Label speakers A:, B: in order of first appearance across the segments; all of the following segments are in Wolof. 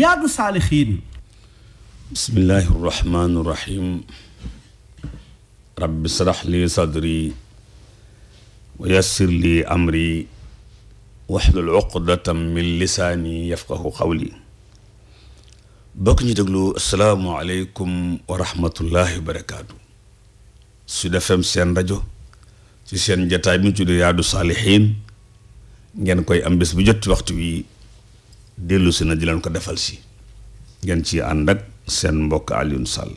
A: riyaadu saalixiin bismillahi irrahmaani irrahim rabbi srax li sadri wa li amri waxlul uqdatam min lisaani yafqahu qawli bokk ñu déglu asalaamualeykum wa rahmatullahi wa barakaatu Sud FM seen rajo ci seen jataay bi ñu tudd riyaadu saalixiin ngeen koy am bés jot waxtu wi dellu si na di leen ko defal si ngeen ci ànd ak seen mbokk Alioune Sall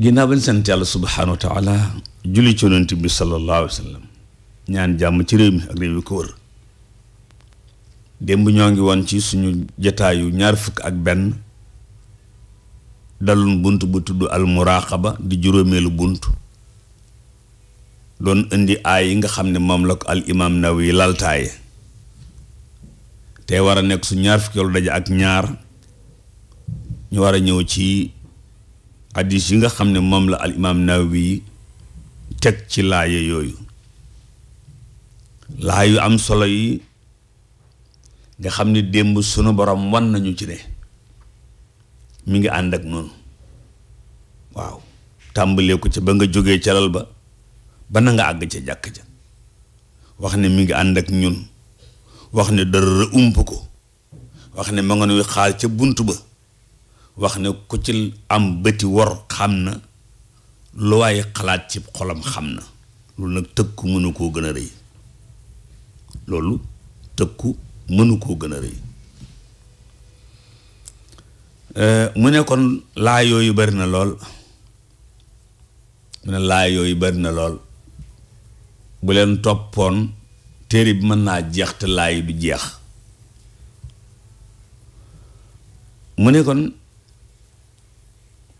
A: ginnaaw bañ sant yàlla subhaanahu wa taala julli ci yonent bi sallallahu alayhi ñaan jàmm ci réew mi ak réew yi ko wër démb ñoo ngi woon ci suñu jataayu ñaar fukk ak benn dalun bunt bu tudd almuraqaba di juróomeelu bunt doon indi aay yi nga xam ne moom la ko al imaam Nawawi laltaaye te war a nekk su ñaar fukkeelu daje ak ñaar ñu war a ñëw ci hadis yi nga xam ne moom la al imaam Nawawi teg ci laaya yooyu laayu am solo yi nga xam ne démb sunu borom wan nañu ci ne mi ngi ànd ak noonu waaw tàmbalee ko ca ba nga jógee ca lal ba ba na nga àgg ca jàkk ca wax ne mi ngi ànd ak ñun wax ne dara ump ko wax ne ma nga nuy xaar ca bunt ba wax ne ku ci am bëti wor xam na lu waaye xalaat ci xolam xam na loolu nag tëkku mënu koo gën a rëy loolu tëkku mënu koo gën a rëy eh, mu ne kon laa yooyu bari na lool mu ne laa yooyu bari na lool bu leen toppoon téere bi mën naa jeex te laay du jeex mu ne kon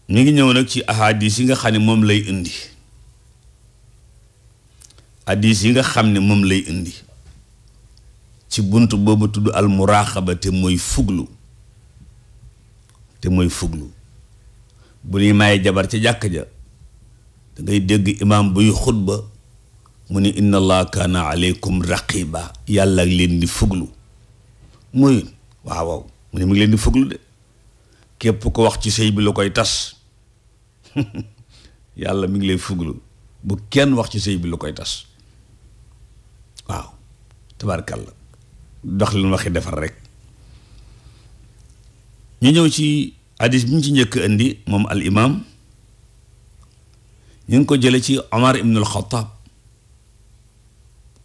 A: mi ngi ñëw nag ci ahadis yi nga xam ne moom lay indi hadis yi nga xam ne moom lay indi ci bunt boobu tudd al muraaxaba te mooy fuglu te mooy fuglu bu ñuy maye jabar ca jàkk ja da ngay dégg imaam buy xutba mu ni inna allah kaana aleykum raqiba yàlla ak leen di fuglu muy waaw waaw mu ne mu ngi leen di fuglu de képp ko wax ci sëy bi la koy tas yàlla mi ngi lay fuglu bu kenn wax ci sëy bi la koy tas waaw tabaarkàlla dox leen waxi defar rek ñu ñëw ci hadis bi ñu ci njëkk indi moom al imam ñu ngi ko jële ci Omar ibn al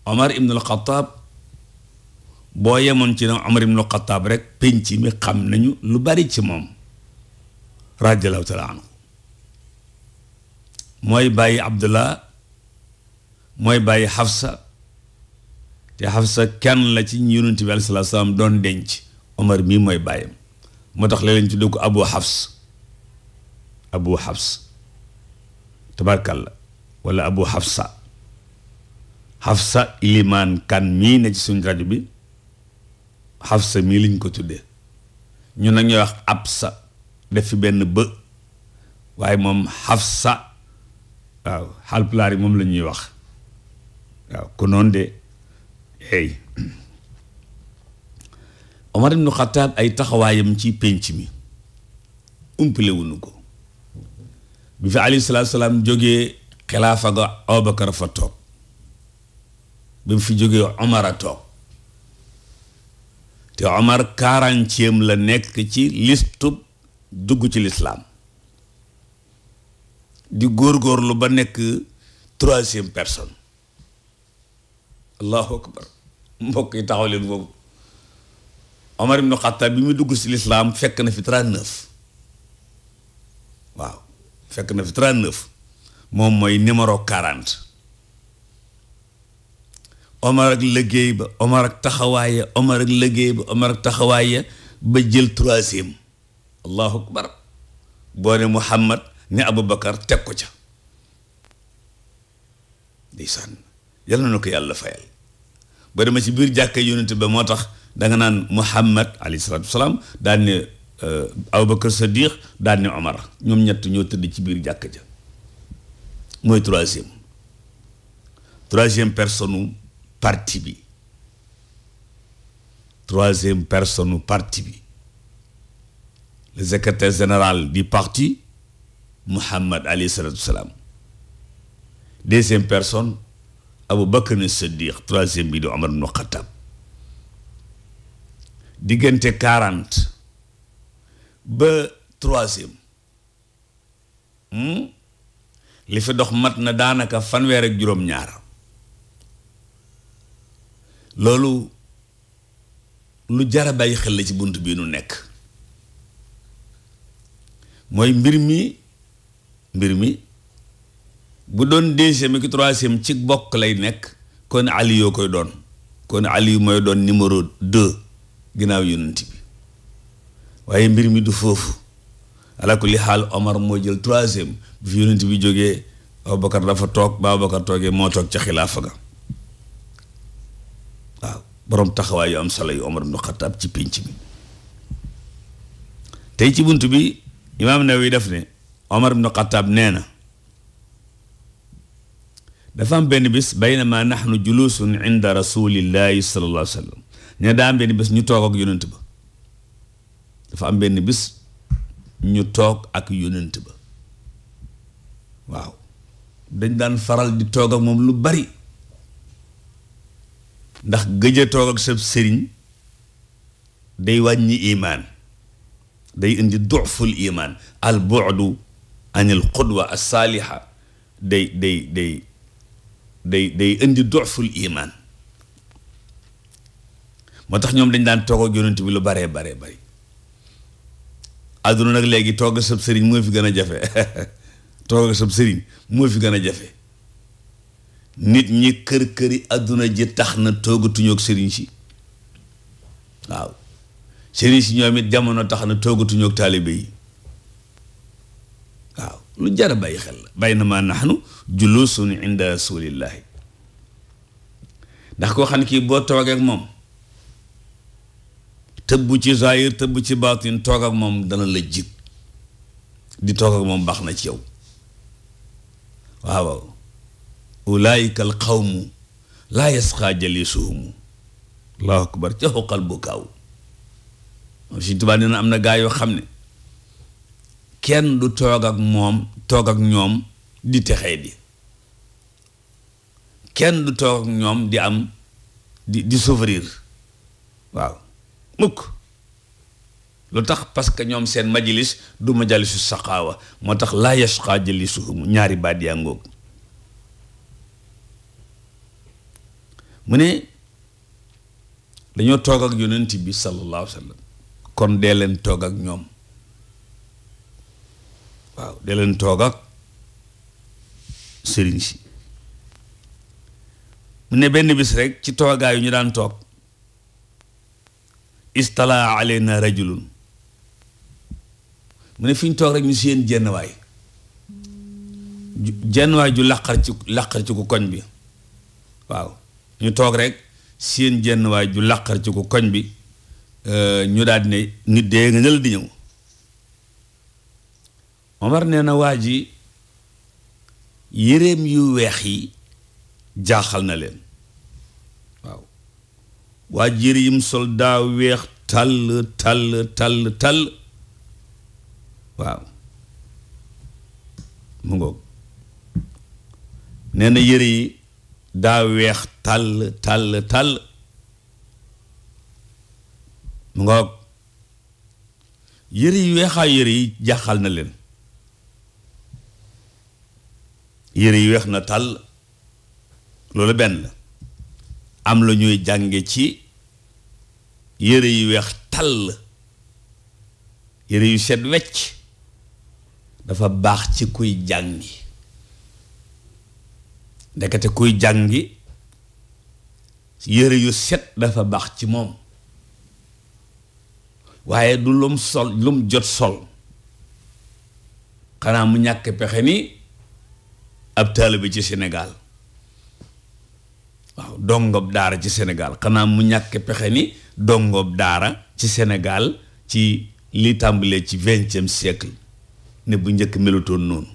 A: Omar ibnul Xataab boo yemoon ci ne Omar ibnul Xataab rek penc mi xam nañu lu bari ci moom radiyallaahu taala mooy bàyyi Abdullah mooy bàyyi Xafsa te Xafsa kenn la ci yonent bi aleyhi salaatu salaam doon denc Omar mii mooy bàyyam moo tax léeg-léeg ci tuddee ko Abu Xafs Abu Xafs tabarkalla wala Abu Xafsa Hafsa Iliman kan mii ne ci suñ rajo bi sa mii liñ ko tuddee ñun nag ñuy wax Absa def fi benn bë waaye moom Hafsa waaw xalpulaar yi moom la ñuy wax waaw ku noonu de hey Omar ibnu Xataab ay taxawaayam ci pénc mi umpale wuñu ko bi fi alayhi salaatu salaam jógee xilaafa ga Abubakar fa toog ba mu fi jógee Omar a toog te Omar quarantième la nekk ci listu dugg ci lislaam di góorgóorlu ba nekk troisième personne allahu akbar mbokk yi taxaw leen boobu Omar nu Xattaab bi muy dugg ci lislaam fekk na fi trente-neuf waaw fekk na fi trente-neuf moom mooy numéro quarante Omar ak liggéey ba Omar ak taxawaaya Omar ak liggéey ba Omar ak taxawaaya ba jël troisième allahu akbar boo ne Muhammad ne Aboubacar teg ko ca di sànn yal na ko yàlla fayal ba ma ci biir jàkka yonent ba moo tax danga naan Muhammad alayhi salaatu wasalaam daan ne euh, Aboubacar Sadiq daan ne Omar ñoom ñett ñoo tëdd ci biir jàkk ja mooy troisième troisième personne parti bi troisième personne parti bi le secrétaire général du parti Mouhammad alayhi salatu wasalaam deuxième personne Abu Bakr as-Siddiq troisième bi di Omar ibn Khattab diggante quarante ba troisième hmm? li fi dox mat na daanaka fanweer ak juróom-ñaar loolu lu jara bàyyi xel la ci bunt bii nu nekk mooy mbir mi mbir mi bu doon deuxième ak troisième ci bokk lay nekk kon ali yoo koy doon kon ali mooy doon numéro deux ginnaaw yonent bi waaye mbir mi du foofu ala kulli xaal Omar moo jël troisième bu fi yonent bi jógee Abubakar dafa toog ba Abubakar toogee moo toog ca xilaafa ga boroom taxawaay yu am solo yu Omar ibn Khattab ci pénc bi tey ci bunt bi imaam Nawawi def ne Omar ibn Khattab nee na dafa am benn bis baynama nahnu julusun inda rasulillahi sallallahu alayhi wa sallam ne daa am benn bis ñu toog ak yonent ba dafa am benn bis toog ak yonent ba dañ daan faral di toog moom lu bari ndax gëj a toog ak sëriñ day wàññi imaan day indi duful imaan al bu'du anil qudwa as saaliha day day day day day indi duful imaan moo tax ñoom dañ daan toog ak yonent bi lu baree baree bari àdduna nag léegi toog ak sa sëriñ moo fi gën a jafe toog ak sëriñ moo fi gën a jafe nit ñi kër këri àdduna ji tax na toogatuñu ak sëriñ si waaw sëriñ si ñoom it jamono tax na toogatuñu ak taalibe yi waaw lu jar a xel la bàyyi na maa naxnu julusun inda rasulillahi ndax koo xam ne kii boo toogee ak moom tëbb ci zahir tëbb ci baatin toog ak moom dana la jig di toog ak moom baax na ci yow waaw ulaayika al xawmu laa yasqaa jalisuhumu allahu akbar ca xuqal bu kaaw Sëñ Tuubaa nee na am na gaa yoo xam ne kenn du toog ak moom ñoom di texee di kenn du toog ak ñoom di am di di souffrir waaw mukk lu tax parce que ñoom seen majalis du majalisu saqaawa moo tax laa yasqaa mu ñaari baat yaa ngoog mu ne dañoo toog ak yonent bi sallallahu alayhi wa sallam kon dee leen toog ak ñoom waaw dee leen toog ak sëriñ si mu ne benn bis rek ci toogaay yu ñu daan toog istala aleyna rajulun mu ne fiñ toog rek ñu seen jenn waay jenn waay ju làqar ci làqar ci ku koñ bi waaw ñu toog rek seen jenn waay ju làqar ci ko koñ bi euh, ñu daal di ne nit dee nga nël di ñëw Omar nee na waa ji yéreem yu weex yi jaaxal na leen waaw waa ji yére yim soldaa weex tàll tàll tàll waaw mu ngoog nee na yi daa weex tàll tàll tàll mu ngoog yëre yi weexaa yëre yi jaaxal na leen yére yu weex na tàll loolu benn la am la ñuy jànge ci yére yu weex tàll yére yu set wecc dafa baax ci kuy jàngi ndekete kuy jàngi yére yu set dafa baax ci moom waaye du lum sol lum jot sol xanaa mu ñàkk pexe ni ab taalibe ci Sénégal waaw dongob daara ci Sénégal xanaa mu ñàkk pexe ni dongob daara ci Sénégal ci li tàmbalee ci vingtième siècle ne bu njëkk melutoon noonu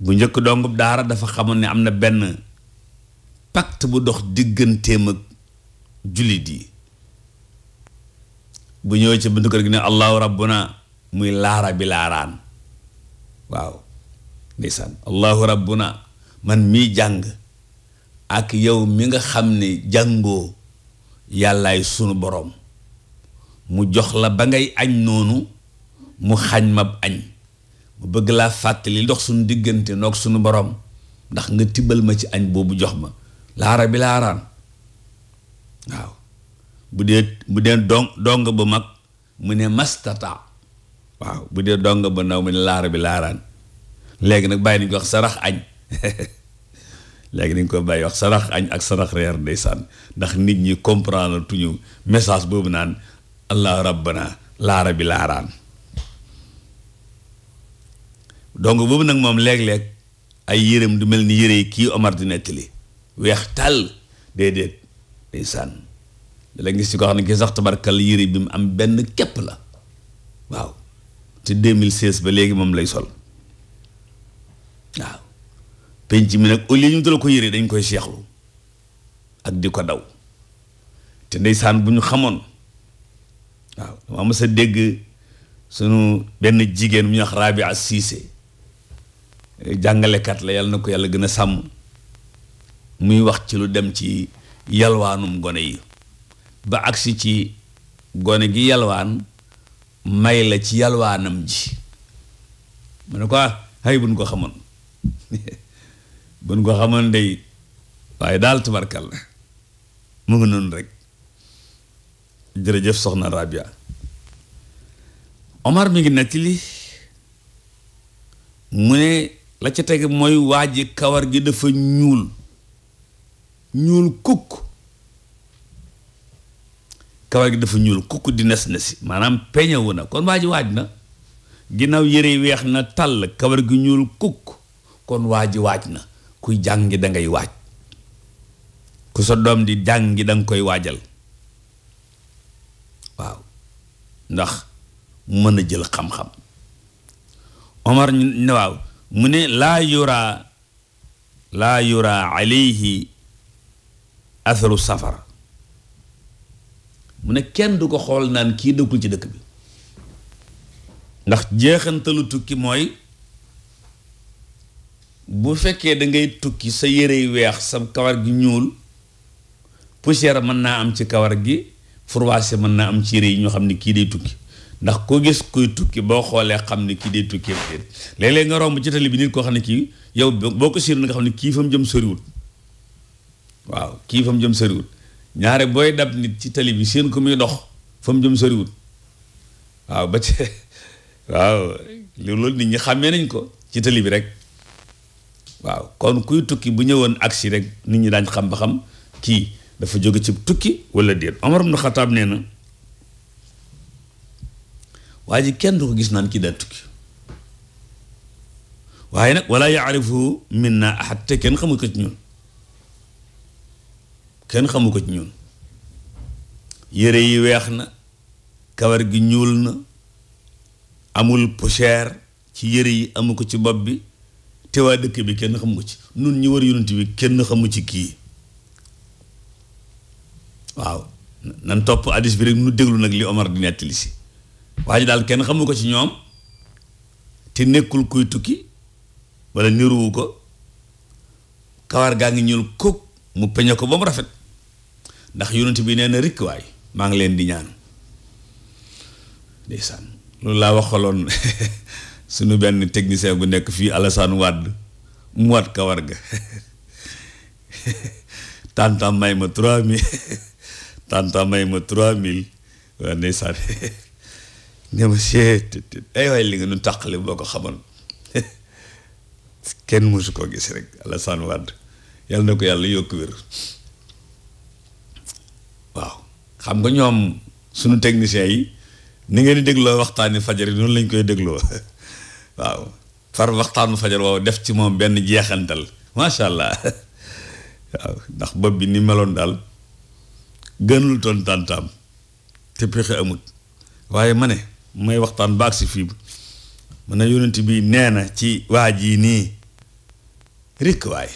A: bu njëkk dongub daara dafa xamoon ni am na benn pacte bu dox digganteem ak jullit yi bu ñëwee ci buntu kër gi ne allahu rabbuna muy laara bi laaraan waaw ndeysaan allahu rabbuna man mii jàng ak yow mi nga xam ni jàngoo yàllaay sunu boroom mu jox la ba ngay añ noonu mu xañ mab añ mu bëgg laa fàttali dox suñu diggante noog suñu borom ndax nga tibbal ma ci añ boobu jox ma laara bi laaraan waaw bu dee bu dee dong dong ba mag mu ne mastata waaw bu dee dong ba ndaw mu laara bi laaraan léegi nag bàyyi nañ ko wax sarax añ léegi nañ koy bàyyi wax sarax añ ak sarax reer ndeysaan ndax nit ñi comprendre tuñu message boobu naan allah rabbana laara bi laaraan donc boobu nag moom léeg-léeg ay yërëm du mel ni yére yi kii Omar di nettali weex tàll déedéet day sànn dala gis si ko xam ne kii sax tabarkal yére bi mu am benn képp la waaw te 2016 ba léegi moom lay sol waaw penc mi nag au lieu ñu dala ko yëre dañ koy seexlu ak di ko daw te ndeysaan bu ñu xamoon waaw dama mës dégg sunu benn jigéen bu ñuy wax Rabia Cissé jàngalekat la yàlla na ko yàlla gën a sàmm muy wax ci lu dem ci yalwaanum gone yi ba agsi ci gone gi yalwaan may la ci yalwaanam ji mu ne ko ah, hay buñ ko xamoon buñ ko xamoon day waaye daal tubarkal la mu ngi noonu rek jërëjëf soxna Rabia Omar mi ngi nettali mu ne la ca teg mooy waa ji kawar gi dafa ñuul ñuul kukk kawar gi dafa ñuul kukk di nes nasi maanaam peñewu na kon waa waaj na ginnaaw yëre weex na tàll kawar gi ñuul kukk kon waa ji waaj na kuy jàng da ngay waaj ku sa doom di jàng da nga koy waajal waaw ndax mën a jël xam-xam Omar waaw mu ne laa yuraa laa yuraa alayhi asaru safar mu ne kenn du ko xool naan kii dëkkul ci dëkk bi ndax jeexantalu tukki mooy bu fekkee da ngay tukki sa yére yu weex sa kawar gi ñuul poussière mën naa am ci kawar gi froissé mën naa am ci yére yi ñoo xam ne kii day tukki ndax koo gis kuy tukki boo xoolee xam ne kii day tukki déet léeg-léeg nga romb ci tali bi nit koo xam ne kii yow boo ko séenu nga xam ne kii fa mu jëm soriwul waaw kii fa mu jëm soriwul ñaare booy dab nit ci tali seen ko dox fa mu jëm soriwul waaw ba ci waaw loolu nit ñi xàmmee nañ ko ci tali bi rek waaw kon kuy tukki bu ñëwoon agsi rek nit ñi daan xam ba xam kii dafa jóge ci tukki wala déet Omar ibn Khattab nee na waa ji kenn du ko gis naan kii daa tukki waaye nag wala yaarifu minna ahad te kenn xamu ko ci ñun kenn xamu ko ci ñun yére yi weex na kawar gi ñuul na amul poussière ci yére yi amu ko ci bopp bi te waa dëkk bi kenn xamu ko ci nun ñu war yonent bi kenn xamu ci kii waaw nan topp addis bi rek nu déglu nag li Omar di nettali si waa ji daal kenn xamu ko ci ñoom te nekkul kuy tukki walla niruwu ko kawar gaa ngi ñuul kuk mu peñe ko ba mu rafet ndax yonent bi nee na rikk waay maa ngi leen di ñaan loolu laa wax xoloon suñu benn technicien bu nekk fii Alassane Wade mu wat kawar ga tantam may ma trois mille tantam may ma trois mille waa ndeysaan ne ma seet ay waay li nga nu tàqale boo ko xamoon kenn mësu koo gis rek Alassane Wade yàlla na ko yàlla yokk wér waaw xam nga ñoom sunu techniciens yi ni ngeen di dégloo waxtaani fajar yi noonu lañ koy dégloo waaw far waxtaanu fajar waaw def ci moom benn jeexantal macha allah waaw ndax bëpp bi ni meloon daal gënul toon tàntaam te pexe amut waaye ma ne may waxtaan baag si fii mën na yonent bi nee na ci waa jii nii rikk waay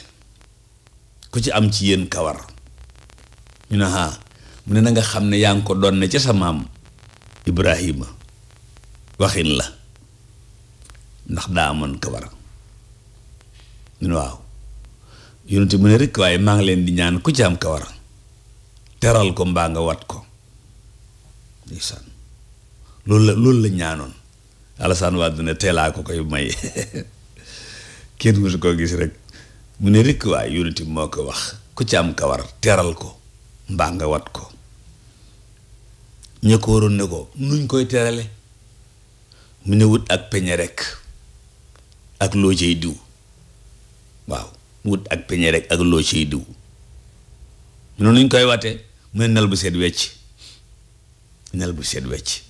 A: ku ci am ci yéen kawar ñu ne haa mu ne na nga xam ne yaa ngi ko doon ne ca sa maam Ibrahima waxin la ndax daa amoon kawar ñu ne waaw yonent mu ne rikk waaye maa ngi leen di ñaan ku ci am kawar teral ko mbaa nga wat ko loolu la loolu la ñaanoon Alassane Wade ne teelaa ko koy may kenn musu koo gis rek mu ne rikk waay yonent bi moo ko wax ku ci am kawar teral ko mbaa nga wat ko ña ko ne ko nuñ koy terale mu ne wut ak peñe rek ak loo ciy diw waaw wut ak peñe rek ak loo ciy diw mu ne nuñ koy wate mu ne nel bu set wecc nel bu set wecc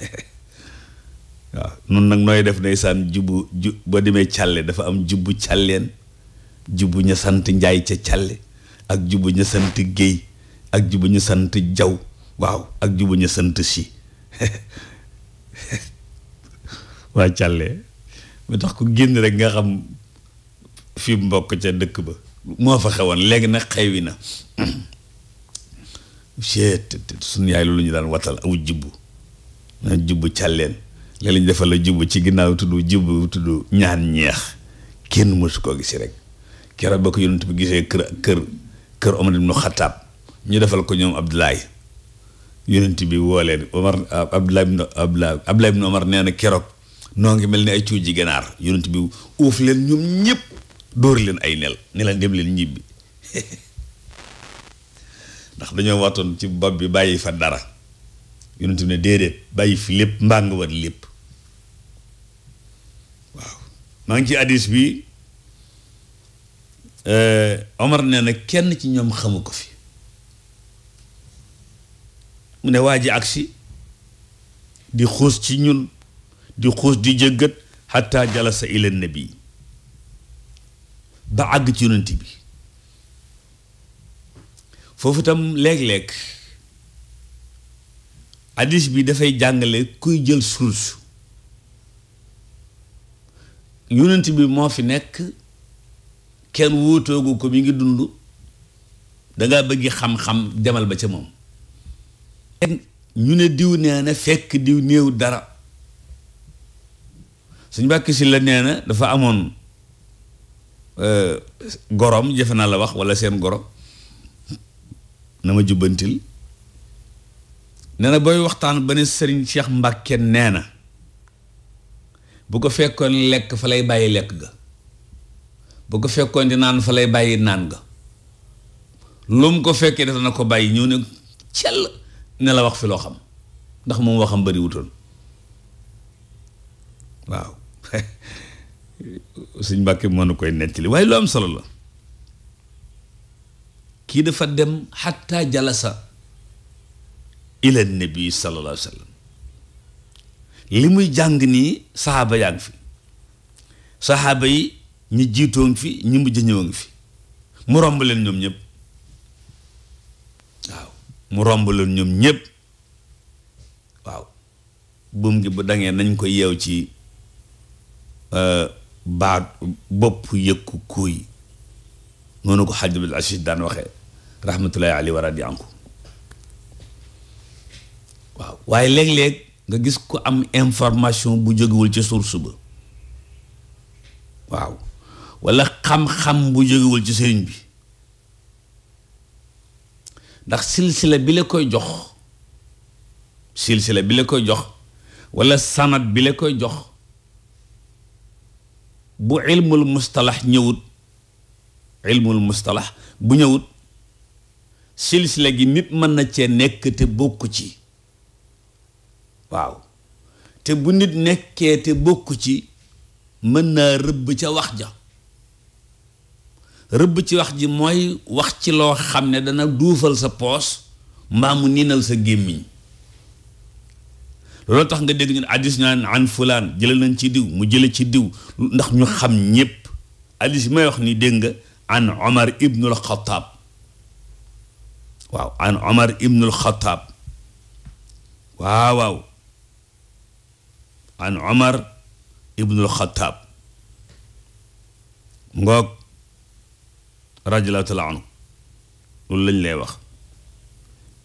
A: waaw nun nag nooy def ndeysaan jubbu ju boo demee càlle dafa am jubbu càlleen jubbu ñu sant njaay ca càlle ak jubbu ñu sant géey ak jubbu ñu sant jaw waaw ak jubbu ñu sant si waa càlle mu tax ku génn rek nga xam fi mbokk ca dëkk ba moo fa xewoon léegi nag xewi na seet sun yaay loolu ñu daan watal aw jubbu na jubbu càlleen léeg lañ defal la jubbu ci ginnaaw tudd jubbu tudd ñaan ñeex kenn mësu koo gisi rek keroog ba ko yonent bi gisee kër kër kër Omar ibnu Xataab ñu defal ko ñoom Abdoulaye yonent bi woo leen Omar Abdoulaye ibnu Abdoulaye Omar nee na keroog noo ngi mel ni ay cuuji ganaar yonent bi uuf leen ñoom ñëpp dóor leen ay nel ne leen dem leen ñibbi ndax dañoo waxtoon ci bopp bi bàyyi fa dara yonent bi ne déedéet bàyyi fi lépp mbaa nga war lépp waaw maa ngi ci hadis bi eh, Omar nee na kenn ci ñoom xamu ko fi mu ne waa ji agsi di xuus ci ñun di xuus di jëggat xatta jalasa ila nabi ba àgg ci yonent bi foofu itam léeg-léeg hadis bi dafay jàngale kuy jël source yonent bi moo fi nekk kenn wóotoogu ko mi ngi dund dangaa bëgg xam-xam demal ba ca moom ñu ne diw nee na fekk diw néew dara suñ bàkki si la nee na dafa amoon euh, gorom jafe naa la wax wala seen goro na ma jubbantil nee na booy waxtaan ba ne sëriñ seex Mbàkke nee na bu ko fekkoon lekk fa lay bàyyi lekk ga bu ko fekkoon di naan fa lay bàyyi naan ga loom ko fekkee def na ko bàyyi ñëw ne cell ne la wax fi loo xam ndax moom waxam bëri waaw suñ mbàkke moo nu koy nettali waaye lu am solo la kii dafa dem xatta jalasa ila nabi sallallahu alayhi wa sallam li muy jàng nii saxaaba yaa ngi fi saxaaba yi ñu jiitoo ngi fi ñi mujj ñëw ngi fi mu romb leen ñoom ñëpp waaw mu romb leen ñoom ñëpp waaw buum gi bu dangeen nañ ko yeew ci euh, baat bopp yëkku kuuy noonu ko xaj bil asis daan waxee rahmatullahi alayhi wa radi anhu waaye léeg-léeg nga gis ku am information bu jógewul ca source suba waaw walla xam-xam bu jógewul ci sëriñ bi ndax silsila bi la koy jox silsila bi la koy jox walla sanat bi la koy jox bu ilmul mustalax ñëwut ilmul mustalax bu ñëwut silsila gi nit mën na cee nekk te bokk ci waaw te bu nit nekkee te bokku ci mën naa rëbb ca wax ja rëbb ci wax ji mooy wax ci loo xam ne dana duufal sa poos mbaa mu niinal sa gémmiñ loolu tax nga dégg ñun addis naan an fulaan jële nañ ci diw mu jële ci diw ndax ñu xam ñépp addis bi may wax ni dégg nga an omar ibnul xataab waaw an omar ibnul xataab waaw waaw an Omar ibnul Xataab ngoog radiyallaahu taala anhu loolu lañ lay wax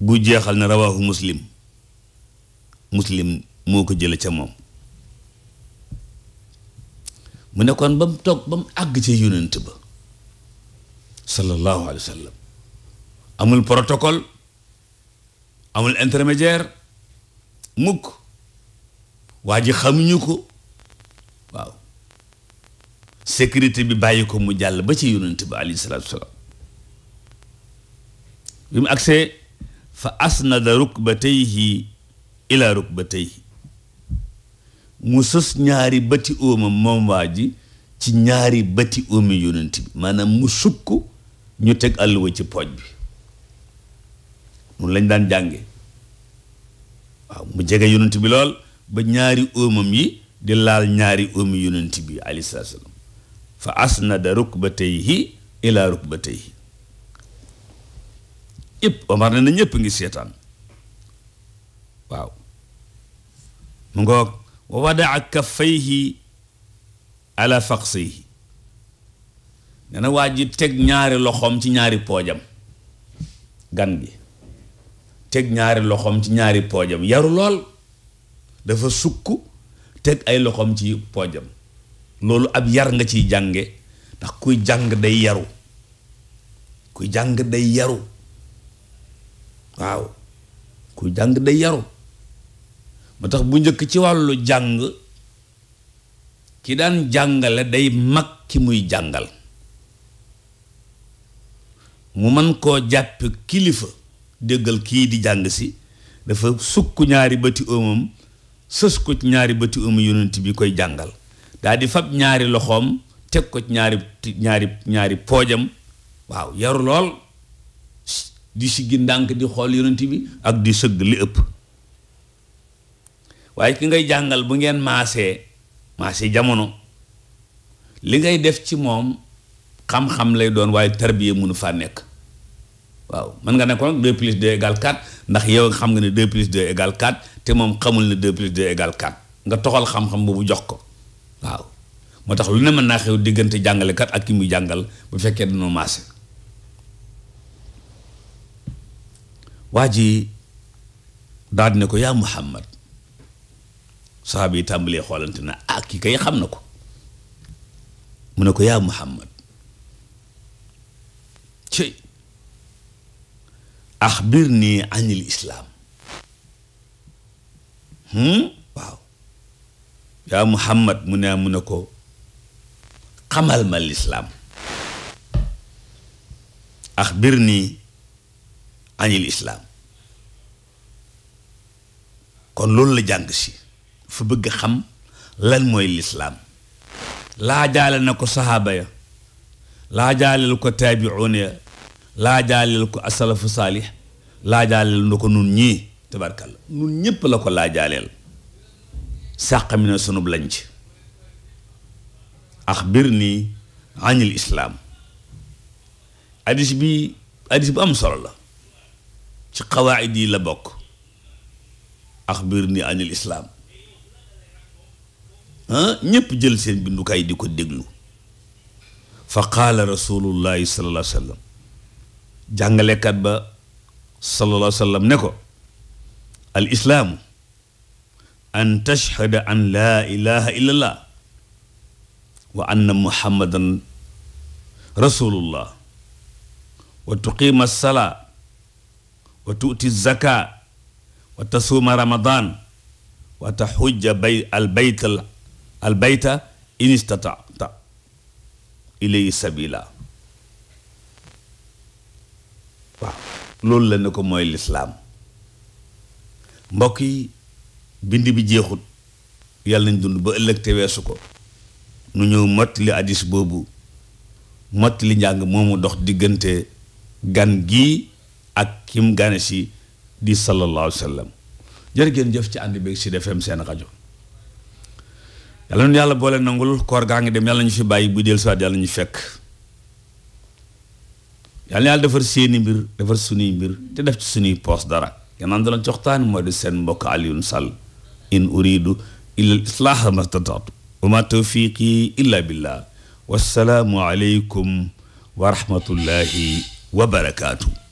A: bu jeexal na rawaahu muslim muslim moo ko jële ca moom mu nekkoon kon ba mu toog ba mu àgg ca yonent ba sallallahu alayhi wa amul protocole amul intermédiaire mukk waa ji xamuñu ko waaw sécurité bi bàyyi ko mu jàll ba ci yonent bi alayhi salaatu salaam bi mu agsee fa asnada rukbatayhi ila rukbatayhi mu sës ñaari bëti óomam moom waa ji ci ñaari bëti óomi yonent bi maanaam mu sukk ñu teg àlluwa ci pooj bi mun lañ daan jànge waaw mu jege yonent bi lool ba ñaari óomam yi di laal ñaari óomi yonent bi alayhi salaam fa asnada rukbatayhi ila rukbatayhi yëpp Omar ne na ñëpp ngi seetaan waaw mu ngoog wa wadaa kaffayhi ala faqsayhi nee na waa ji teg ñaari loxoom ci ñaari poojam gan gi teg ñaari loxoom ci ñaari poojam yaru lool dafa sukk teg ay loxoom ci poojam loolu ab yar nga ciy jànge ndax kuy jàng day yaru kuy jàng day yaru waaw kuy jàng day yaru moo tax bu njëkk ci wàllu jàng ki daan jàngale day mag ki muy jàngal mu mën koo jàpp kilifa dëggal kii di jàng si dafa sukk ñaari bëti ëmmam sës ko ñaari bëti umu yonent bi koy jàngal daal di fab ñaari loxoom teg ko ci ñaari ñaari ñaari poojam waaw yaru lool di siggi ndànk di xool yonent bi ak di sëgg li ëpp waaye ki ngay jàngal bu ngeen maasee maasee jamono li ngay def ci moom xam-xam lay doon waaye tarbiye mënu faa nekk waaw mën nga ne ko nag deux plus deux égale quatre ndax yow xam nga ne deux plus deux égale quatre te moom xamul ne deux plus deux égale nga toxal xam-xam boobu jox ko waaw moo tax lu ne mën naa xew diggante jàngalekat ak ki muy jàngal bu fekkee dañoo maase waa ji daal di ko yaa Muhammad saxaaba yi tàmbalee xoolante na ah kii kay xam na ko mu ne ko yaa Muhammad ci axbir nii anil islaam Hmm? waaw yaa muhammad mu ne mu ne ko xamal ma lislaam axbir nii añil islaam kon loolu la jàng si fa bëgg xam lan mooy lislaam laajaale na ko saxaaba ya laajaaleel ko taabiuun ya laajaaleel ko asalafu saalih laajaaleel na ko nun ñii tabarkalla nun ñépp la ko laajaaleel sàqami na sunub lañ ci axbir nii anil islaam addis bi bu am solo la ci xawaayid yi la bokk axbir nii anil islaam ñépp jël seen bindukaay di ko déglu fa qaala rasulullahi sallallahu alayhi jàngalekat ba sallallahu alayhi wa ne ko al islaamu an tashhada an laa ilaha illa allah wa anna muhammadan rasulullah wa tuqiima alsalaa wa tu'ti zaka wa tasuuma ramadan wa taxujja bay al bayta al bayta in istata'ta ilayhi sabila waaw loolu la ne ko mooy lislaam mbokk yi bind bi jeexut yàlla nañ dund ba ëllëg te weesu ko nu ñëw mott li addis boobu mott li njàng moomu dox diggante gan gi ak kim gane si di sallallahu alayhi wa sallam jëf ci ànd beeg Sud FM seen rajo yàlla nu yàlla boole nangul koor gaa ngi dem yàlla ñu fi bàyyi bu del soit yàlla ñu fekk yàlla na yàlla defar seeni mbir defar sunuy mbir te def ci sunuy poos dara yanaan dala joxtaan moo di seen mbokk Alioune Sall in uridu illa islaaha mastataatu wa ma tawfiqi illa billah wassalaamu aleykum wa rahmatullahi wa barakaatu